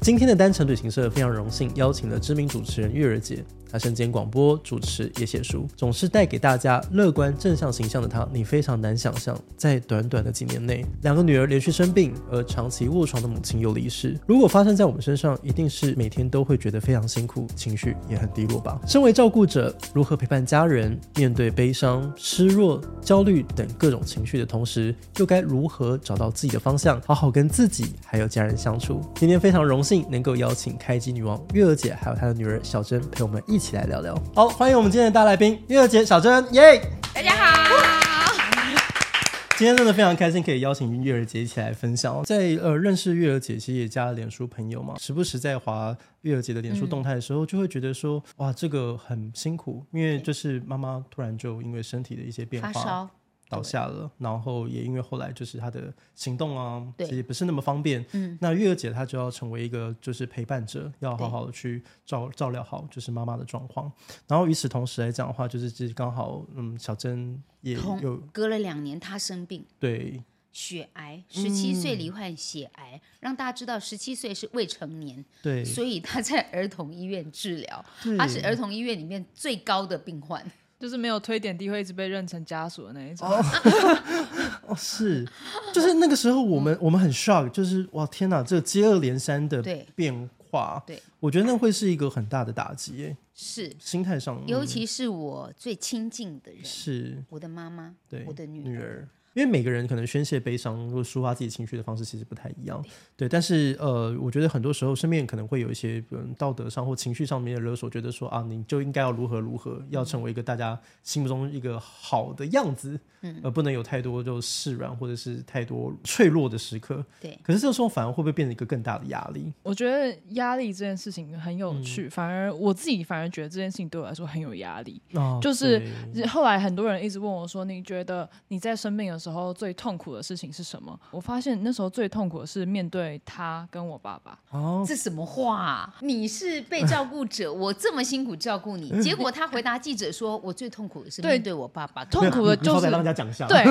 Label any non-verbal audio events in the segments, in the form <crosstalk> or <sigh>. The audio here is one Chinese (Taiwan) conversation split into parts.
今天的單程旅行社非常榮幸邀請了知名主持人月娥姐，她身兼廣播主持，也寫書，總是帶給大家樂觀正向形象的她，你非常難想象，在短短的幾年內，兩個女兒連續生病，而長期臥床的母親又離世。如果發生在我們身上，一定是每天都會覺得非常辛苦，情緒也很低落吧。身為照顧者，如何陪伴家人，面對悲傷、失落、焦慮等各種情緒的同時，又該如何找到自己的方向，好好跟自己還有家人相處？今天非常榮幸，能夠邀請開機女王月娥姐，還有她的女兒小蓁陪我們一起來聊聊。好，歡迎我們今天的大來賓月娥姐、小蓁，耶、yeah!！大家好。今天真的非常開心，可以邀請月娥姐一起來分享。在呃認識月娥姐，其實也加了臉書朋友嘛，時不時在滑月娥姐的臉書動態的時候，就會覺得說，哇，這個很辛苦，因為就是媽媽突然就因為身體的一些變化，發燒倒下了，然後也因為後來就是他的行動啊，也不是那麼方便。嗯，那月娥姐她就要成為一個就是陪伴者，嗯、要好好的去照照料好就是媽媽的狀況。然後與此同時來講的話，就是其實剛好嗯，小蓁也有隔了兩年，她生病，對，血癌，十七歲罹患血癌，嗯、讓大家知道十七歲是未成年，對，所以她在兒童醫院治療，她是兒童醫院裡面最高的病患。就是沒有推點滴會一直被認成家屬的那一種、哦。 <laughs> <laughs> 哦，是，就是那個時候我們、嗯、我們很 shock，就是哇天哪，這接二連三的變化對。對，我覺得那會是一個很大的打擊，誒、是心態上、嗯，尤其是我最親近的人，是我的媽媽，對，我的女兒。女兒因為每個人可能宣洩悲傷或抒發自己情緒的方式其實不太一樣，對。但是呃，我覺得很多時候身邊可能會有一些比如道德上或情緒上面的勒索，覺得說啊，你就應該要如何如何，要成為一個大家心目中一個好的樣子，嗯，呃，不能有太多就示弱或者是太多脆弱的時刻，對。可是這個時候反而會不會變成一個更大的壓力？我覺得壓力這件事情很有趣，嗯，反而我自己反而覺得這件事情對我來說很有壓力，啊。就是後來很多人一直問我說，你覺得你在生病的時候，時候最痛苦的事情是什麼？我發現那時候最痛苦的是面對他跟我爸爸。哦，這是什麼話？啊？你是被照顧者，我這麼辛苦照顧你，結果他回答記者說，我最痛苦的是面對我爸爸媽媽，痛苦的就是大，嗯、家講笑對，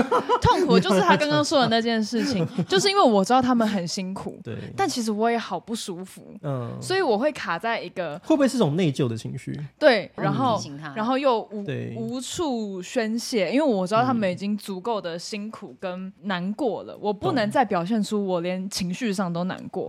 痛苦的就是他剛剛說的那件事情，就是因為我知道他們很辛苦，對，但其實我也好不舒服，嗯，所以我會卡在一個，會不會是一種內疚的情緒？對，然後、嗯、然後又無無處宣泄，因為我知道他們已經足夠的辛。辛苦跟難過了，我不能再表現出我連情緒上都難過。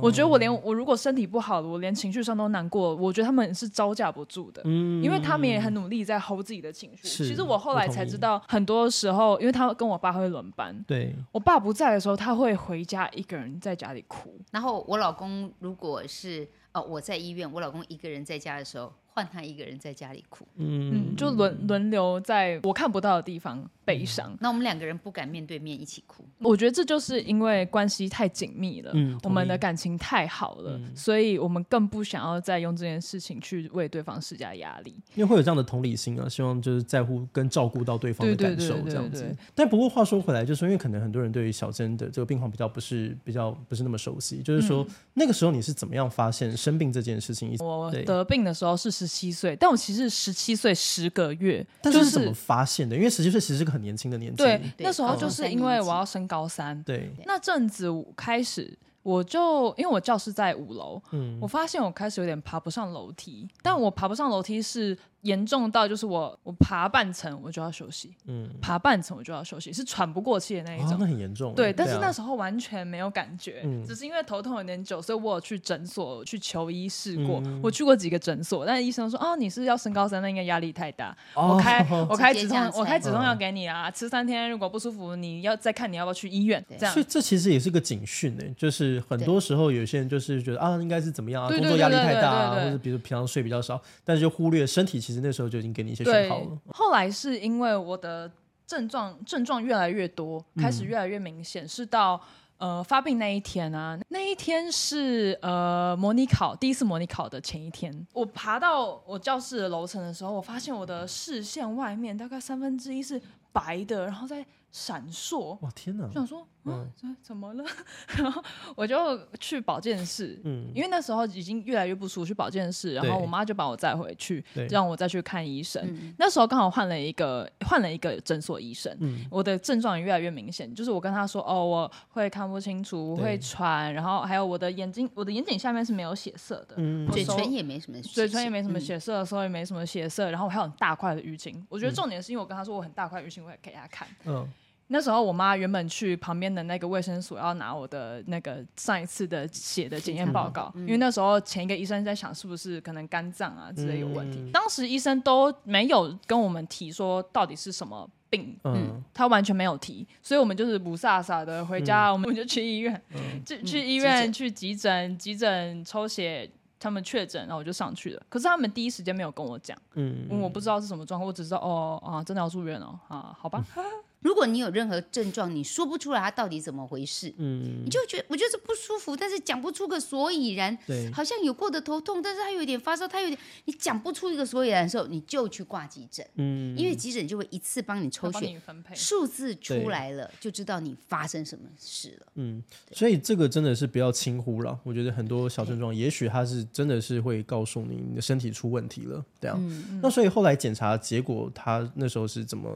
我覺得我連我如果身體不好了，我連情緒上都難過。我覺得他們是招架不住的，嗯、因為他們也很努力在 hold 自己的情緒。其實我後來才知道，很多時候，因為他跟我爸會輪班，對，我爸不在的時候，他會回家一個人在家裡哭。然後我老公如果是哦，我在醫院，我老公一個人在家的時候。換他一個人在家裡哭，嗯，就輪輪流在我看不到的地方悲傷、嗯。那我們兩個人不敢面對面一起哭，我覺得這就是因為關係太緊密了，嗯，我們的感情太好了，所以我們更不想要再用這件事情去為對方施加壓力，因為會有這樣的同理心啊，希望就是在乎跟照顧到對方的感受這樣子。對對對對對對，但不過話說回來，就是因為可能很多人對於小蓁的這個病況比較不是比較不是那麼熟悉，就是說那個時候你是怎麼樣發現生病這件事情？嗯、我得病的時候是。十七歲，但我其實十七歲十個月。就是、但是，是怎麼發現的？因為十七歲其實是個很年輕的年紀。對，那時候就是因為我要升高三、嗯，高三，對，那陣子開始我就因為我教室在五樓，我發現我開始有點爬不上樓梯、嗯。但我爬不上樓梯是。嚴重到就是我我爬半層我就要休息，嗯，爬半層我就要休息，是喘不過氣的那一種，真的、啊、很嚴重，對，但是那時候完全沒有感覺，嗯、只是因為頭痛有點久，所以我有去診所去求醫試過、嗯，我去過幾個診所，但醫生說啊你是,是要升高三，那應該壓力太大，哦、我開我開止痛我開止痛藥給你啊，嗯、吃三天如果不舒服你要再看你要不要去醫院對，這樣，所以這其實也是個警訊呢，就是很多時候有些人就是覺得啊應該是怎麼樣啊，對對對對對對對對工作壓力太大啊，對對對對對對對或者比如平常睡比較少，但是就忽略身體。其實那時候就已經給你一些訊號了。後來是因為我的症狀症狀越來越多，開始越來越明顯、嗯，是到呃發病那一天啊。那一天是呃模擬考第一次模擬考的前一天。我爬到我教室的樓層的時候，我發現我的視線外面大概三分之一是白的，然後在。閃爍，哇天哪！我想說，啊、嗯這，怎麼了？ <laughs> 然後我就去保健室，嗯，因為那時候已經越來越不舒服，去保健室，然後我媽就把我帶回去，讓我再去看醫生。嗯，那時候剛好換了一個，換了一個診所醫生，嗯，我的症狀也越來越明顯，就是我跟他說，哦，我會看不清楚，我會喘，然後還有我的眼睛，我的眼睛下面是沒有血色的，嘴，嗯，唇也沒什麼，嘴唇也，也沒什麼血色，手也沒什麼血色，然後還有很大塊的淤青。我覺得重點是因為我跟他說我很大塊淤青，我也給他看，嗯嗯那時候我媽原本去旁邊的那個衛生所要拿我的那個上一次的血的檢驗報告、嗯嗯，因為那時候前一個醫生在想是不是可能肝臟啊之類有問題、嗯，當時醫生都沒有跟我們提說到底是什麼病，嗯，嗯他完全沒有提，所以我們就是霧煞煞的回家、嗯，我們就去醫院，嗯、就去醫院,、嗯、去,醫院急診去急診，急診抽血，他們確診，然後我就上去了，可是他們第一時間沒有跟我講、嗯，嗯，我不知道是什麼狀況，我只知道哦、啊、真的要住院了、哦、啊，好吧。嗯如果你有任何症狀，你說不出來他到底怎麼回事，嗯，你就覺得我就是不舒服，但是講不出個所以然，對，好像有過的頭痛，但是他有點發燒，他有點，你講不出一個所以然的時候，你就去掛急診，嗯，因為急診就會一次幫你抽血，數字出來了就知道你發生什麼事了，嗯，所以這個真的是不要輕忽了，我覺得很多小症狀，也許他是真的是會告訴你你的身體出問題了，這樣、啊嗯嗯，那所以後來檢查結果他那時候是怎麼？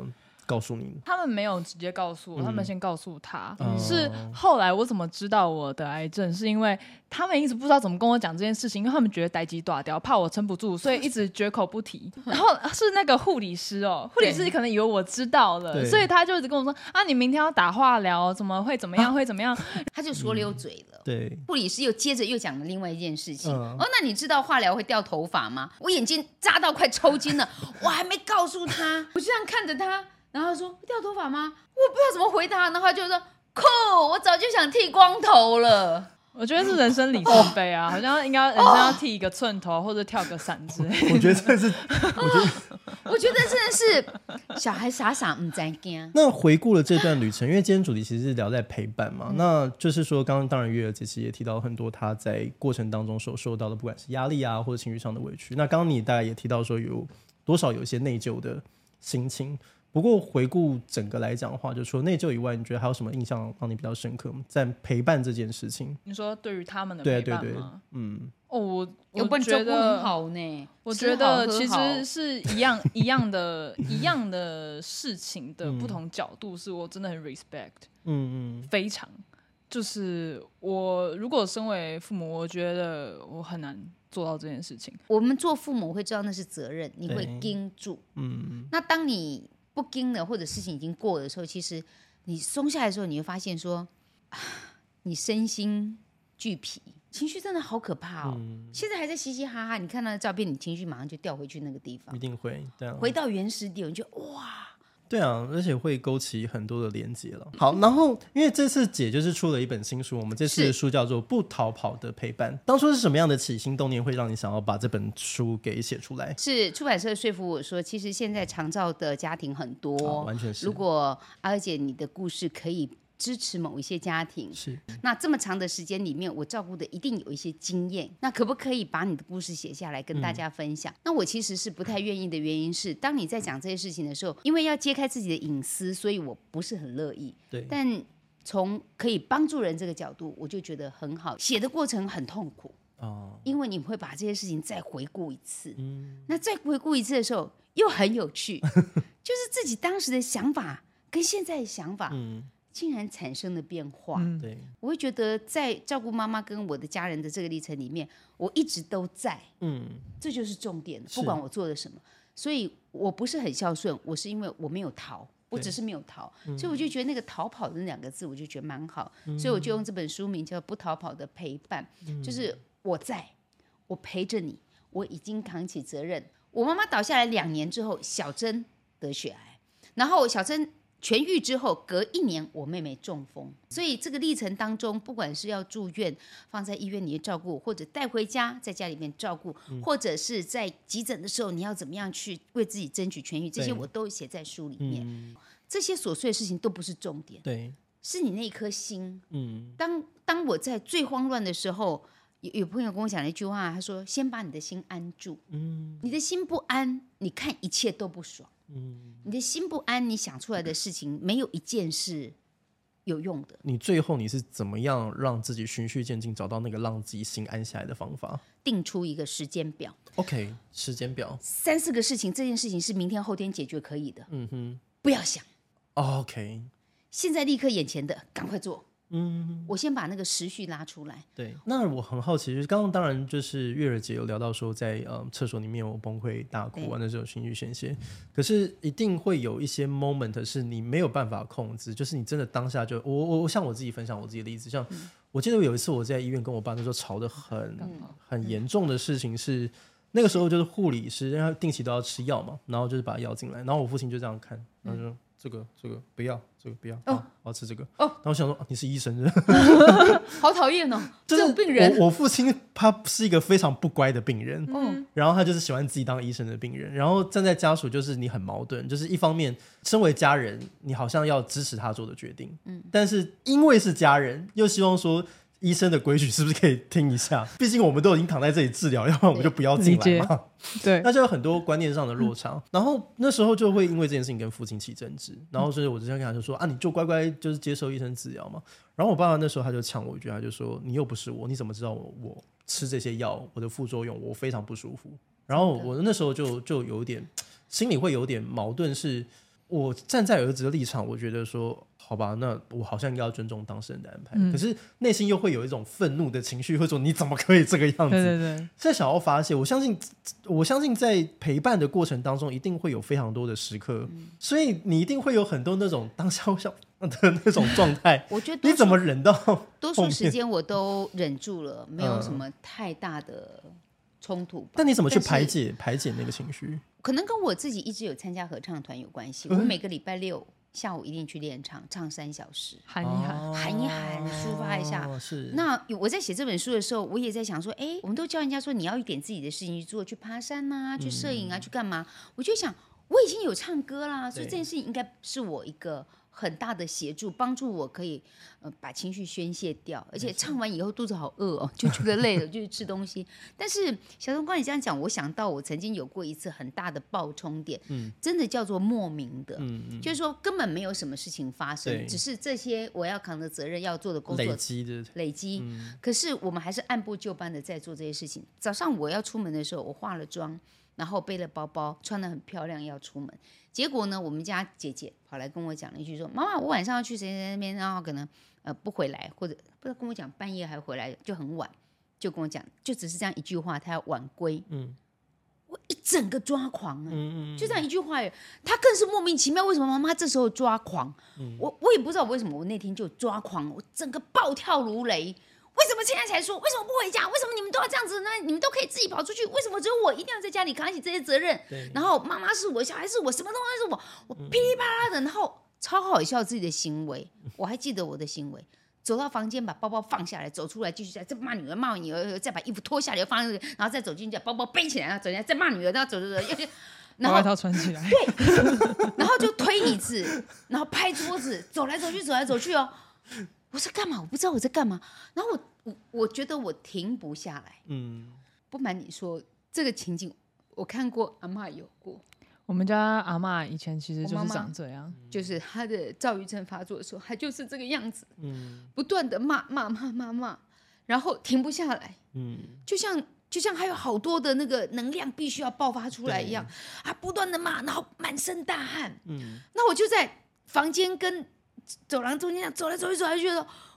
告訴你，他們沒有直接告訴我、嗯，他們先告訴他、嗯。是後來我怎麼知道我得癌症，是因為他們一直不知道怎麼跟我講這件事情，因為他們覺得打擊大掉，怕我撐不住，所以一直絕口不提。然後是那個護理師哦、喔，護理師可能以為我知道了，所以他就一直跟我說啊，你明天要打化療，怎麼會怎麼樣、啊、會怎麼樣，他就說溜嘴了。嗯、對，護理師又接着又講了另外一件事情。嗯、哦，那你知道化療會掉頭髮嗎？我眼睛扎到快抽筋了，我還沒告訴他， <laughs> 我這樣看着他。然後說掉頭髮嗎？我不知道怎麼回答，那他就說酷，我早就想剃光頭了。我覺得是人生里程碑啊、哦，好像應該人生要剃一個寸頭、哦、或者跳個傘之類的我。我覺得這是我覺得、哦，我覺得真的是小孩傻傻唔知驚 <laughs> 那回顧了這段旅程，因為今天主題其實是聊在陪伴嘛，嗯、那就是說，剛剛當然月娥其實也提到很多他在過程當中所受到的，不管是壓力啊或者情緒上的委屈。那剛剛你大概也提到說，有多少有一些內疚的心情。不過回顧整個來講的話，就說內疚以外，你覺得還有什麼印象讓你比較深刻嗎？在陪伴這件事情，你說對於他們的陪伴嗎？對對對，嗯，哦，我我覺得很好呢。我覺得，我覺得好好其實是一樣一樣的 <laughs> 一樣的事情的不同角度，是我真的很 respect。嗯嗯，非常就是我如果身為父母，我覺得我很難做到這件事情。我們做父母會知道那是責任，你會盯住。嗯，那當你。不經了，或者事情已經過的時候，其實你鬆下來的時候，你會發現說，你身心俱疲，情緒真的好可怕哦。嗯、現在還在嘻嘻哈哈，你看到的照片，你情緒馬上就掉回去那個地方，一定會對啊，回到原始點，你就哇。對啊，而且會勾起很多的連接了。好，然後因為這次姐就是出了一本新書，我們這次的書叫做《不逃跑的陪伴》。當初是什麼樣的起心動念會讓你想要把這本書給寫出來？是出版社說服我說，其實現在長照的家庭很多，哦、完全是。如果阿姐你的故事可以。支持某一些家庭是。那這麼長的時間裡面，我照顧的一定有一些經驗。那可不可以把你的故事寫下來跟大家分享？嗯、那我其實是不太願意的原因是，當你在講這些事情的時候，因為要揭開自己的隱私，所以我不是很樂意。對。但從可以幫助人這個角度，我就覺得很好。寫的過程很痛苦哦，因為你會把這些事情再回顧一次。嗯。那再回顧一次的時候，又很有趣， <laughs> 就是自己當時的想法跟現在的想法。嗯竟然產生了變化。對，我會覺得在照顧媽媽跟我的家人的這個歷程裡面，我一直都在。嗯，這就是重點。不管我做了什麼，所以我不是很孝順。我是因為我沒有逃，我只是沒有逃，所以我就覺得那個“逃跑”的那兩個字，我就覺得蠻好。所以我就用這本書名叫《不逃跑的陪伴》，就是我在，我陪着你，我已經扛起責任。我媽媽倒下來兩年之後，小蓁得血癌，然後小蓁。痊癒之後，隔一年我妹妹中風，所以這個歷程當中，不管是要住院放在醫院裡面照顧，或者帶回家在家裡面照顧、嗯，或者是在急診的時候，你要怎麼樣去為自己爭取痊癒，這些我都寫在書裡面。嗯、這些瑣碎的事情都不是重點，對，是你那顆心。嗯，當當我在最慌亂的時候，有有朋友跟我講了一句話，他說：“先把你的心安住，嗯，你的心不安，你看一切都不爽。”嗯，你的心不安，你想出來的事情，Okay，沒有一件是有用的。你最後你是怎麼樣讓自己循序漸進，找到那個讓自己心安下來的方法？定出一個時間表。OK，時間表，三四個事情，這件事情是明天、後天解決可以的。嗯哼，不要想。OK，現在立刻眼前的，趕快做。嗯，我先把那個時序拉出來。對，那我很好奇，就是剛剛當然就是月娥姐有聊到說在，在嗯廁所裡面我崩潰大哭啊，那時候情緒宣泄。可是一定會有一些 moment 是你沒有辦法控制，就是你真的當下就我我我像我自己分享我自己的例子，像我記得有一次我在醫院跟我爸那時候吵得很、嗯、很嚴重的事情是、嗯，那個時候就是護理師，因為他定期都要吃藥嘛，然後就是把藥進來，然後我父親就這樣看，他說。嗯這個這個不要，這個不要啊、哦嗯！我要吃這個哦。然後我想說、哦啊，你是醫生的 <laughs> 好討厭哦、就是。這種病人，我,我父親他是一個非常不乖的病人，嗯,嗯，然後他就是喜歡自己當醫生的病人。然後站在家屬，就是你很矛盾，就是一方面身為家人，你好像要支持他做的決定，嗯，但是因為是家人，又希望說。醫生的規矩是不是可以聽一下？畢竟我們都已經躺在這裡治療，要不然我們就不要進來嘛。對，那就有很多觀念上的落差、嗯。然後那時候就會因為這件事情跟父親起爭執。然後所以，我之前跟他就說、嗯、啊，你就乖乖就是接受醫生治療嘛。然後我爸爸那時候他就嗆我一句，他就說：“你又不是我，你怎麼知道我我吃這些藥，我的副作用我非常不舒服。”然後我那時候就就有點心裡會有點矛盾是，是我站在兒子的立場，我覺得說。好吧，那我好像應該要尊重當事人的安排。嗯、可是內心又會有一種憤怒的情緒，會說你怎麼可以這個樣子？對對對現在想要發洩，我相信，我相信在陪伴的過程當中，一定會有非常多的時刻，嗯，所以你一定會有很多那種當下想的那種狀態。我覺得你怎麼忍到？多數時間我都忍住了，沒有什麼太大的衝突吧。那、嗯、你怎麼去排解排解那個情緒？可能跟我自己一直有參加合唱團有關係、嗯。我每個禮拜六。下午一定去練唱，唱三小時，喊一喊、哦，喊一喊，喊一喊、呃、喊一喊、喊一喊、哦、抒發一下。是。那我在寫這本書的時候，我也在想說，哎，我們都教人家說，你要一點自己的事情去做，去爬山吶、啊，去攝影啊、嗯，去幹嘛？我就想，我已經有唱歌啦、嗯，所以這件事情應該是我一個很大的協助，幫助我可以。呃、把情緒宣洩掉，而且唱完以後肚子好餓哦，就覺得累了， <laughs> 就去吃東西。但是小冬瓜，你這樣講，我想到我曾經有過一次很大的爆衝點、嗯，真的叫做莫名的嗯嗯，就是說根本沒有什麼事情發生，只是這些我要扛的責任要做的工作累積，累積、累積、嗯。可是我們還是按部就班的在做這些事情。早上我要出門的時候，我化了妝，然後背了包包，穿得很漂亮要出門，結果呢，我們家姐姐跑來跟我講了一句說：“媽媽，我晚上要去誰誰那邊，然後可能。”呃，不回來，或者不知道跟我講，半夜還回來就很晚，就跟我講，就只是這樣一句話，他要晚歸。嗯，我一整個抓狂，嗯、嗯，就這樣一句話，他更是莫名其妙，為什麼媽媽這時候抓狂。嗯，我我也不知道為什麼，我那天就抓狂，我整個暴跳如雷。為什麼現在才說？為什麼不回家？為什麼你們都要這樣子呢？你們都可以自己跑出去，為什麼只有我一定要在家裡扛起這些責任？然後媽媽是我，小孩是我，什麼東西都是我？我噼里啪啦的，然後。超好笑自己的行為，我還記得我的行為，走到房間把包包放下來，走出來繼續在這罵女兒，罵完女兒再把衣服脫下來放上去，然後再走進去把包包背起來，然後走進來再罵女兒，然後走走走又去外套穿起來，對，然後就推椅子，然後拍桌子， <laughs> 桌子走來走去，走來走去哦，我在幹嘛？我不知道我在幹嘛。然後我我我覺得我停不下來，嗯，不瞞你說，這個情景我看過，阿嬤有過。我們家阿媽以前其實就是長這樣，媽媽就是她的躁鬱症發作的時候，她就是這個樣子，不斷的罵罵罵罵罵，然後停不下來，嗯，就像就像還有好多的那個能量必須要爆發出來一樣，啊，不斷的罵，然後滿身大汗，嗯，那我就在房間跟走廊中間走來走去走來走去，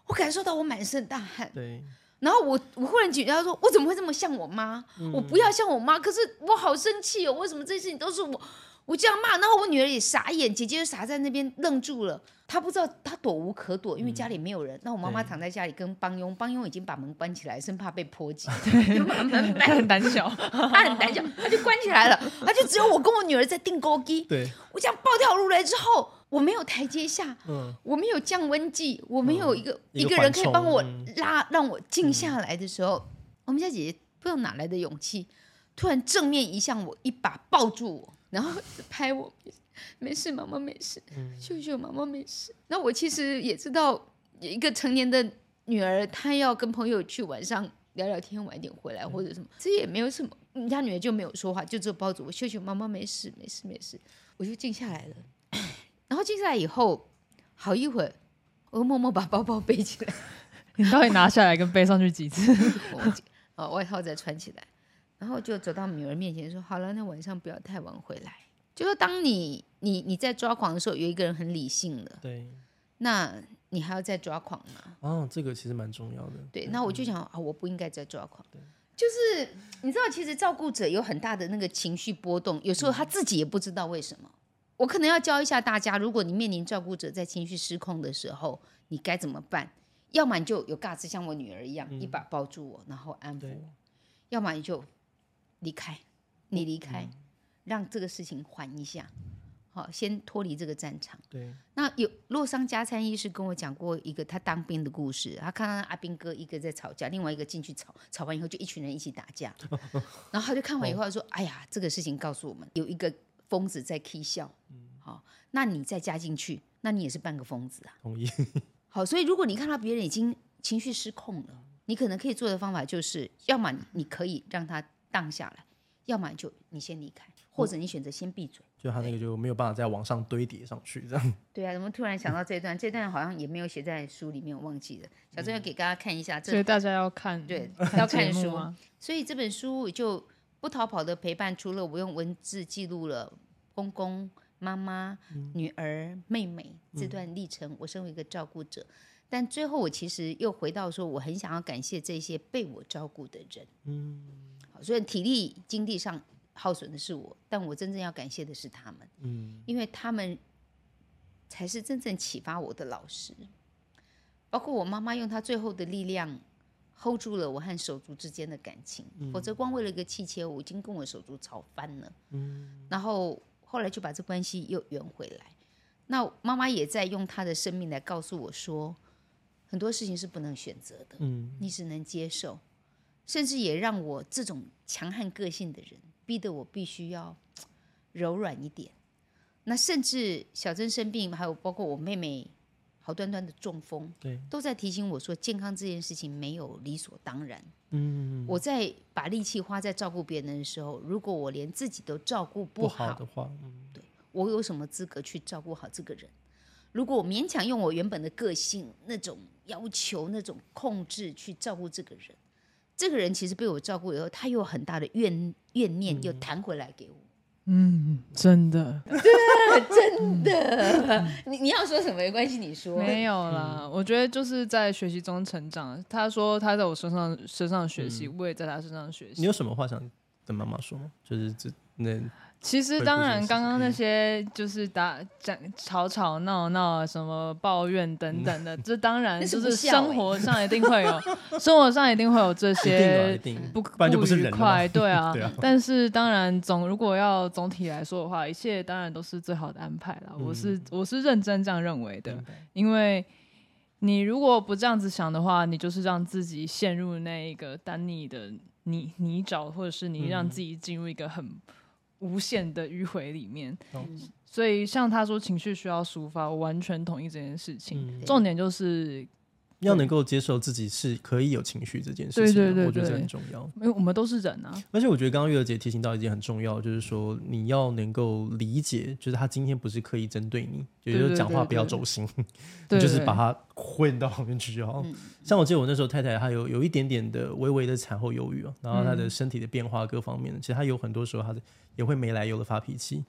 我感受到我滿身大汗，對。然後我我忽然覺得，他說我怎麼會這麼像我媽？嗯。我不要像我媽，可是我好生氣哦！為什麼這些事情都是我？我這樣罵，然後我女兒也傻眼，姐姐就傻在那邊愣住了。她不知道，她躲無可躲，因為家裡沒有人。嗯、那我媽媽躺在家裡跟幫傭，幫傭已經把門關起來，生怕被波及，就把門關。她 <laughs> 很膽難小，她很膽小，她就關起來了。她 <laughs> 就只有我跟我女兒在定鈎機。對。我這樣暴跳如雷之後，我沒有台階下，嗯，我沒有降溫劑，我沒有一個、嗯、一個人可以幫我拉，嗯、讓我靜下來的時候、嗯，我們家姐姐不知道哪來的勇氣，突然正面移向我，一把抱住我。然後拍我，沒事，媽媽沒事，秀秀，媽媽沒事。那我其實也知道，有一個成年的女兒，她要跟朋友去晚上聊聊天，晚一點回來或者什麼，這也沒有什麼。人家女兒就沒有說話，就只有抱着我，秀秀，媽媽沒事，沒事，沒事，我就靜下來了。然後靜下來以後，好一會兒，我默默把包包背起來。你到底拿下來跟背上去幾次？啊， <laughs> 外套再穿起來。然後就走到女兒面前說：“好了，那晚上不要太晚回來。”就是當你你你在抓狂的時候，有一個人很理性的。對。那你還要再抓狂嗎？啊、哦，這個其實蠻重要的。對。那我就想、嗯、啊，我不應該再抓狂。對。就是你知道，其實照顧者有很大的那個情緒波動，有時候他自己也不知道為什麼、嗯。我可能要教一下大家，如果你面臨照顧者在情緒失控的時候，你該怎麼辦？要麼你就有尬姿，像我女兒一樣，嗯、一把抱住我，然後安撫我；要麼你就。離開，你離開、嗯，讓這個事情緩一下，好，先脫離這個戰場。對。那有洛桑加參醫師跟我講過一個他當兵的故事，他看到阿兵哥一個在吵架，另外一個進去吵，吵完以後就一群人一起打架， <laughs> 然後他就看完以後說、哦：“哎呀，這個事情告訴我們，有一個瘋子在 k 笑，好、嗯哦，那你再加進去，那你也是半個瘋子啊。”同意。 <laughs> 好，所以如果你看到別人已經情緒失控了，你可能可以做的方法就是，要麼你可以讓他。蕩下來，要麼就你先離開，或者你選擇先閉嘴。哦，就他那個就沒有辦法再往上堆疊上去，這樣。對啊，怎麼突然想到這一段， <laughs> 這一段好像也沒有寫在書裡面，我忘記了。小鄭要給大家看一下這、嗯，所以大家要看，對，看啊，要看書啊。所以這本書就不逃跑的陪伴，除了我用文字記錄了公公、媽媽、女兒、妹妹、嗯、這段歷程，我身為一個照顧者、嗯，但最後我其實又回到說，我很想要感謝這些被我照顧的人。嗯。所以體力、精力上耗損的是我，但我真正要感謝的是他們，嗯，因為他們才是真正啟發我的老師。包括我媽媽用她最後的力量，hold 住了我和手足之間的感情，嗯，否則光為了一個氣切，我已經跟我手足吵翻了，嗯，然後後來就把這關係又圓回來。那媽媽也在用她的生命來告訴我說，很多事情是不能選擇的，嗯，你只能接受。甚至也讓我這種強悍個性的人，逼得我必須要柔軟一點。那甚至小蓁生病，還有包括我妹妹好端端的中風對，都在提醒我說，健康這件事情沒有理所當然。嗯嗯。我在把力氣花在照顧別人的時候，如果我連自己都照顧不，不好的話，嗯，對，我有什麼資格去照顧好這個人？如果我勉強用我原本的個性那種要求、那種控制去照顧這個人，這個人其實被我照顧以後，他又有很大的怨怨念，又彈回來給我。嗯，真的，對，真的。嗯、你你要說什麼沒關係，你說。沒有啦、嗯，我覺得就是在學習中成長。他說他在我身上身上學習、嗯，我也在他身上學習。你有什麼話想跟媽媽說嗎？就是這那。其實，當然，剛剛那些就是打講吵吵鬧鬧、什麼抱怨等等的，這當然就是生活上一定會有，生活上一定會有這些不不愉快，對啊。但是，當然總如果要總體來說的話，一切當然都是最好的安排了。我是我是認真這樣認為的，因為你如果不這樣子想的話，你就是讓自己陷入那一個丹尼的泥泥沼，或者是你讓自己進入一個很。無限的迂回裡面，嗯、所以像他說情緒需要抒發，我完全同意這件事情，重點就是。要能夠接受自己是可以有情緒這件事情、啊對對對對對，我覺得這很重要。因、欸、為我們都是人啊。而且我覺得剛剛月娥姐提醒到一件很重要，就是說你要能夠理解，就是他今天不是刻意針對你，對對對對對，也就是講話不要走心，對對對 <laughs> 就是把他混到旁邊去就好對對對。像我記得我那時候太太她有有一點點的微微的產後憂鬱、喔、然後她的身體的變化各方面、嗯，其實她有很多時候她也會沒來由的發脾氣。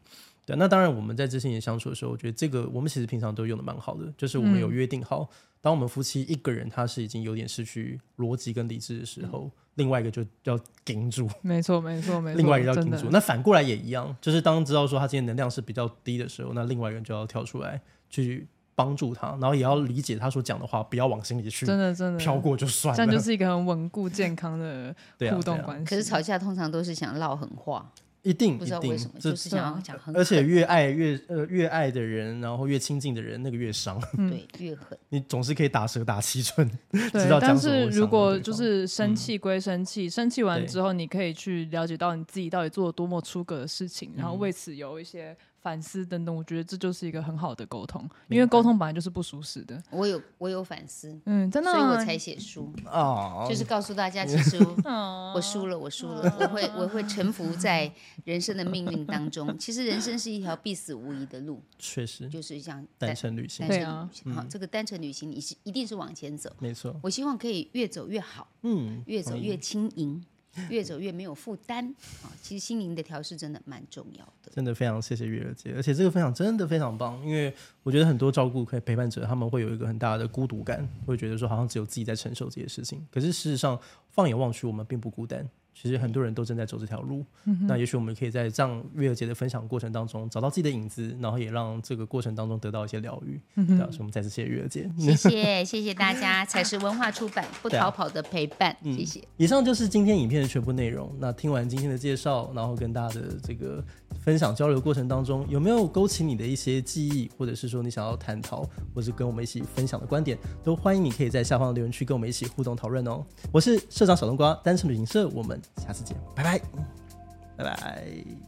對，那當然，我們在這些年相處的時候，我覺得這個我們其實平常都用的蠻好的，就是我們有約定好、嗯，當我們夫妻一個人他是已經有點失去邏輯跟理智的時候，嗯、另外一個就要頂住。沒錯，沒錯，沒錯，另外一個要頂住。那反過來也一樣，就是當知道說他今天能量是比較低的時候，那另外一個人就要跳出來去幫助他，然後也要理解他所講的話，不要往心裡去，真的真的飄過就算了。這樣就是一個很穩固健康的互動關係、 <laughs> 對啊，對啊。可是吵架通常都是想撂狠話。一定一定，這就是想要講，而且越愛越呃越愛的人，然後越親近的人，那個越傷，對，越狠。你總是可以打蛇打七寸，這但是，如果就是生氣歸生氣，嗯，生氣完之後，你可以去了解到你自己到底做了多麼出格的事情，然後為此有一些。反思等等，我覺得這就是一個很好的溝通，因為溝通本來就是不舒適的。我有我有反思，嗯，真的、啊，所以我才寫書，oh. 就是告訴大家，其實我輸了， <laughs> 了，我輸了、oh. 我，我會我會臣服在人生的命運當中。 <laughs> 其實人生是一條必死無疑的路，確實，就是像單，單，程單程旅行，對啊，好，嗯、這個單程旅行你是一定是往前走，沒錯，我希望可以越走越好，嗯，越走越輕盈。越走越沒有負擔啊！其實心靈的調適真的蠻重要的，真的非常謝謝月娥姐，而且這個分享真的非常棒，因為我覺得很多照顧陪伴者，他們會有一個很大的孤獨感，會覺得說好像只有自己在承受這些事情，可是事實上放眼望去，我們並不孤單。其實很多人都正在走這條路，嗯，那也許我們可以在這樣月娥姐的分享過程當中找到自己的影子，然後也讓這個過程當中得到一些療癒。嗯對啊，所以我們再次謝謝月娥姐，謝謝謝謝大家， <laughs> 采實文化出版不逃跑的陪伴，啊，謝謝，嗯。以上就是今天影片的全部內容。那聽完今天的介紹，然後跟大家的這個。分享交流過程當中，有沒有勾起你的一些記憶，或者是說你想要探討，或者跟我們一起分享的觀點，都歡迎你可以在下方留言區跟我們一起互動討論哦。我是社長小冬瓜，單程旅行社，我們下次見，拜拜，拜拜。